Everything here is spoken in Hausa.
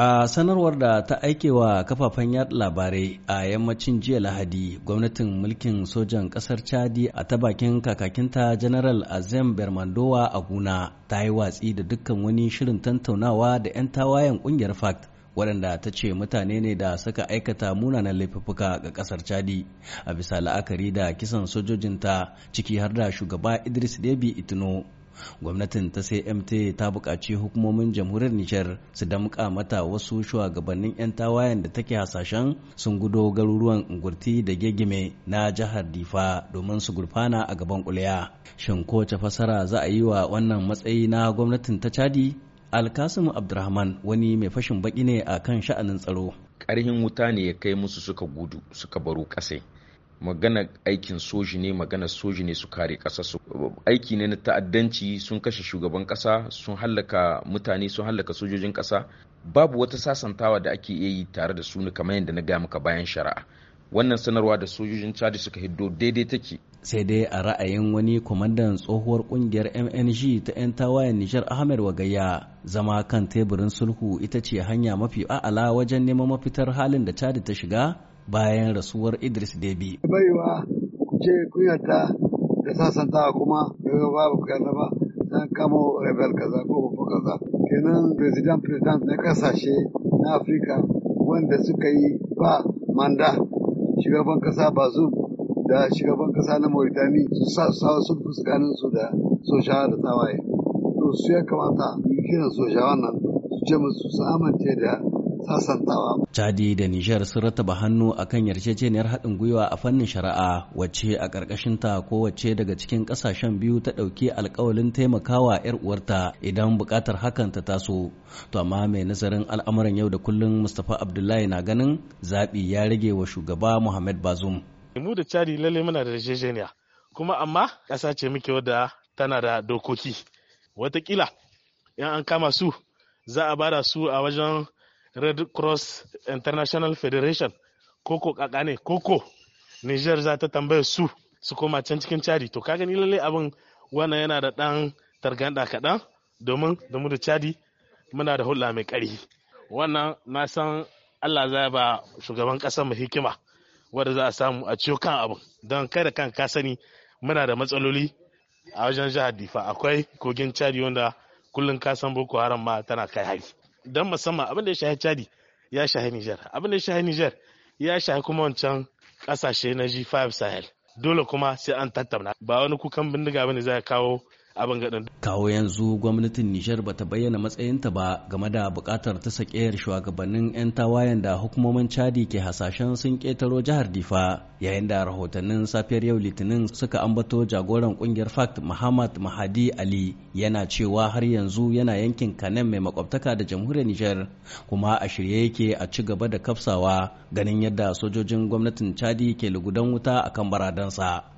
A sanarwar da ta aike wa kafafen yaɗa labarai a yammacin jiya Lahadi, gwamnatin mulkin sojan ƙasar Chadi a ta bakin kakakinta General Azem Bermandowa a Guna ta yi watsi da dukkan wani shirin tantaunawa da 'yan tawayen ƙungiyar FACT waɗanda ta ce mutane ne da suka aikata munanan laifuka ga ƙasar Chadi a bisa la'akari da kisan sojojinta ciki har da shugaba Idris debi itino. gwamnatin ta cmt ta buƙaci hukumomin jamhuriyar nijar su damƙa mata wasu shugabannin 'yan tawayen da take hasashen sun gudo garuruwan ungurti da gegime na jihar difa domin su gurfana a gaban kuliya shin kowace fasara za a yi wa wannan matsayi na gwamnatin ta cadi Alkasim abdurrahman wani mai fashin baki ne a kan sha'anin tsaro ƙarhin wuta ne ya kai musu suka gudu suka baro ƙasai magana aikin soji ne magana soji ne su kare ƙasa su aiki ne na ta'addanci sun kashe shugaban kasa sun hallaka mutane sun hallaka sojojin kasa babu wata sasantawa da ake iya yi tare da su kamar yadda na gaya maka bayan shari'a wannan sanarwa da sojojin chadi suka hiddo daidai take sai dai a ra'ayin wani kwamandan tsohuwar kungiyar mng ta 'yan tawayen nijar ahmed wagaya zama kan teburin sulhu ita ce hanya mafi a'ala wajen neman mafitar halin da chadi ta shiga bayan rasuwar Idris Debi. Baiwa ku ce ku yarda da sasanta kuma daga babu ku yarda ba don kamo rebel kaza ko babu kaza kenan president president na kasashe na Afirka wanda suka yi ba manda shugaban kasa Bazoum da shugaban kasa na Mauritani su sa su fuskanin su da soshawa da tawaye to su ya kamata yi kiran soshawa nan su ce musu su amince da sassantawa. Chadi da Nijar sun rattaba hannu akan yarjejeniyar haɗin gwiwa a fannin shari'a wacce a ƙarƙashinta kowace daga cikin ƙasashen biyu ta ɗauki alƙawalin taimakawa 'yar uwarta idan buƙatar hakan ta taso. To amma mai nazarin al'amuran yau da kullum Mustapha Abdullahi na ganin zaɓi ya rage wa shugaba Muhammad Bazum. Mu da Chadi lalle muna da yarjejeniya kuma amma ƙasa ce muke wadda tana da dokoki. Wataƙila in an kama su za a bada su a wajen red cross international federation koko kaka ne koko niger za ta tambaya su su koma can cikin chadi to ka gani lalle abin wannan yana da ɗan targanda kaɗan domin da mu da chadi muna da hulɗa mai ƙari wannan na san allah za ba shugaban ƙasar mu hikima wadda za a samu a ciyo kan abin don kai da kan ka sani muna da matsaloli a wajen jihar difa akwai kogin chadi wanda kullum ka san boko haram ma tana kai hari don musamman abin da ya shahi chadi ya shahi niger abin da ya shahi niger ya shahi kuma wancan kasashe na g5 sahel dole kuma sai an tattauna ba wani kukan bindiga bane zai kawo abin gaɗin. Kawo yanzu gwamnatin Nijar bata bayyana matsayinta ba game da bukatar ta sakeyar shugabannin 'yan tawayen da hukumomin Chadi ke hasashen sun ketaro jihar Difa yayin da rahotannin safiyar yau Litinin suka ambato jagoran kungiyar FACT Muhammad Mahadi Ali yana cewa har yanzu yana yankin Kanem mai makwabtaka da jamhuriyar Nijar kuma a shirye yake a ci gaba da kafsawa ganin yadda sojojin gwamnatin Chadi ke lugudan wuta akan baradansa.